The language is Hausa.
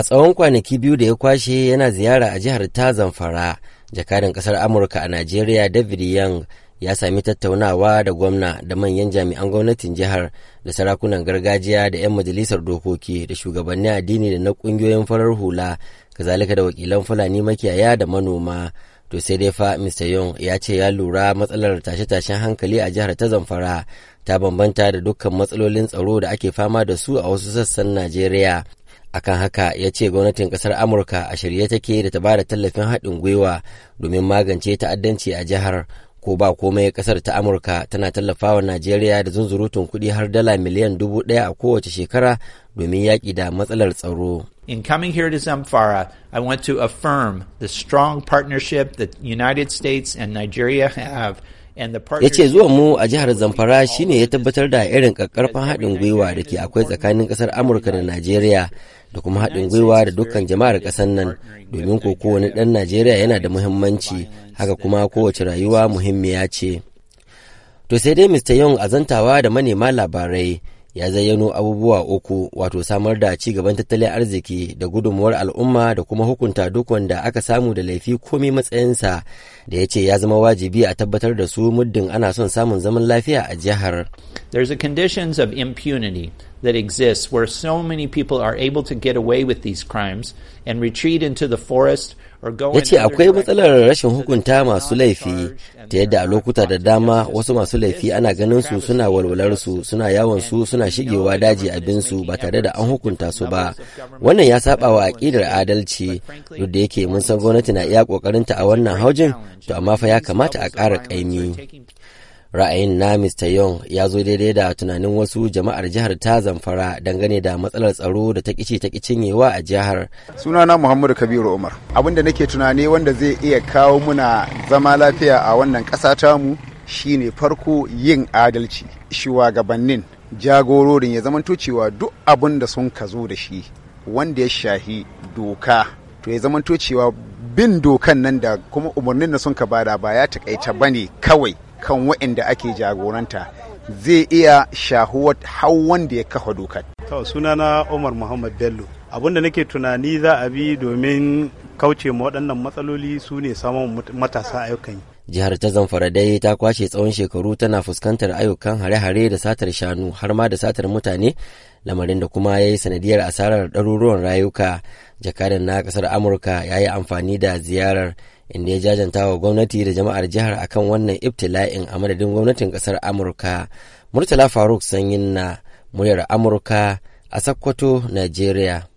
a tsawon kwanaki biyu da ya kwashe yana ziyara a jihar ta zamfara jakadan kasar amurka a najeriya david young ya sami tattaunawa da gwamna da manyan jami'an gwamnatin jihar da sarakunan gargajiya da 'yan majalisar dokoki da shugabanni addini da na kungiyoyin farar hula kazalika da wakilan fulani makiyaya da manoma to sai dai fa mr young ya ce ya lura matsalar tashe-tashen hankali a jihar ta zamfara ta bambanta da dukkan matsalolin tsaro da ake fama da su a wasu sassan najeriya akan haka ya ce gwamnatin kasar amurka a shirye take da ta ba da tallafin haɗin gwiwa domin magance ta'addanci a jihar ko ba komai kasar ta amurka tana tallafawa najeriya da zunzurutun kuɗi har dala miliyan dubu ɗaya a kowace shekara domin yaƙi da matsalar tsaro In coming here to Zamfara, I want to affirm the strong partnership that United States and Nigeria have ya ce zuwa mu a jihar zamfara shi ne ya tabbatar da irin kakkarfan haɗin gwiwa da ke akwai tsakanin ƙasar amurka da najeriya da kuma haɗin gwiwa da dukkan jama'ar ƙasar nan domin ko kowane ɗan najeriya yana da muhimmanci haka kuma kowace rayuwa muhimmiya ce to sai dai mr young zantawa da manema labarai ya zayyano abubuwa uku wato samar da ci gaban tattalin arziki da gudunmuwar al'umma da kuma hukunta duk wanda aka samu da laifi komai matsayinsa da ya ce ya zama wajibi a tabbatar da su muddin ana son samun zaman lafiya a jihar There's a conditions of impunity that exists where so many people are able to get away with these crimes and retreat into the forest go yace akwai matsalar rashin hukunta masu laifi ta yadda a lokuta da dama wasu masu laifi ana ganin su suna walwalar su suna yawon su suna shigewa daji abinsu ba tare da an hukunta su ba wannan ya saba wa aƙidar adalci duk da yake mun san gwamnati na iya ƙoƙarinta a wannan haujin to amma fa ya kamata a ƙara ƙaimi ra'ayin na mr young ya zo daidai da tunanin wasu jama'ar jihar ta zamfara dangane da matsalar tsaro da ta kici ta kicinyewa a jihar sunana muhammadu kabiru umar abin da nake tunani wanda zai iya kawo muna zama lafiya a wannan ƙasa tamu shine farko yin adalci shugabannin jagororin ya zamanto cewa duk abin da sun ka zo da shi wanda ya shahi doka to ya zamanto cewa bin dokan nan da kuma umarnin da sun ka bada ba ya takaita bane kawai kan waɗanda ake jagoranta zai iya shahuwar har wanda ya kafa dokar. To sunana Umar Muhammad Bello. Abin da nake tunani za a bi domin kauce ma waɗannan matsaloli su ne samun matasa ayyukan yi. Jihar ta Zamfara dai ta kwashe tsawon shekaru tana fuskantar ayyukan hare-hare da satar shanu har ma da satar mutane lamarin da kuma ya yi sanadiyar asarar ɗaruruwan rayuka. Jakadan na ƙasar Amurka ya yi amfani da ziyarar inda ya jajanta wa gwamnati da jama'ar jihar akan wannan ibtila'in a madadin gwamnatin kasar amurka murtala faruk sanyin na muryar amurka a sakkwato nigeria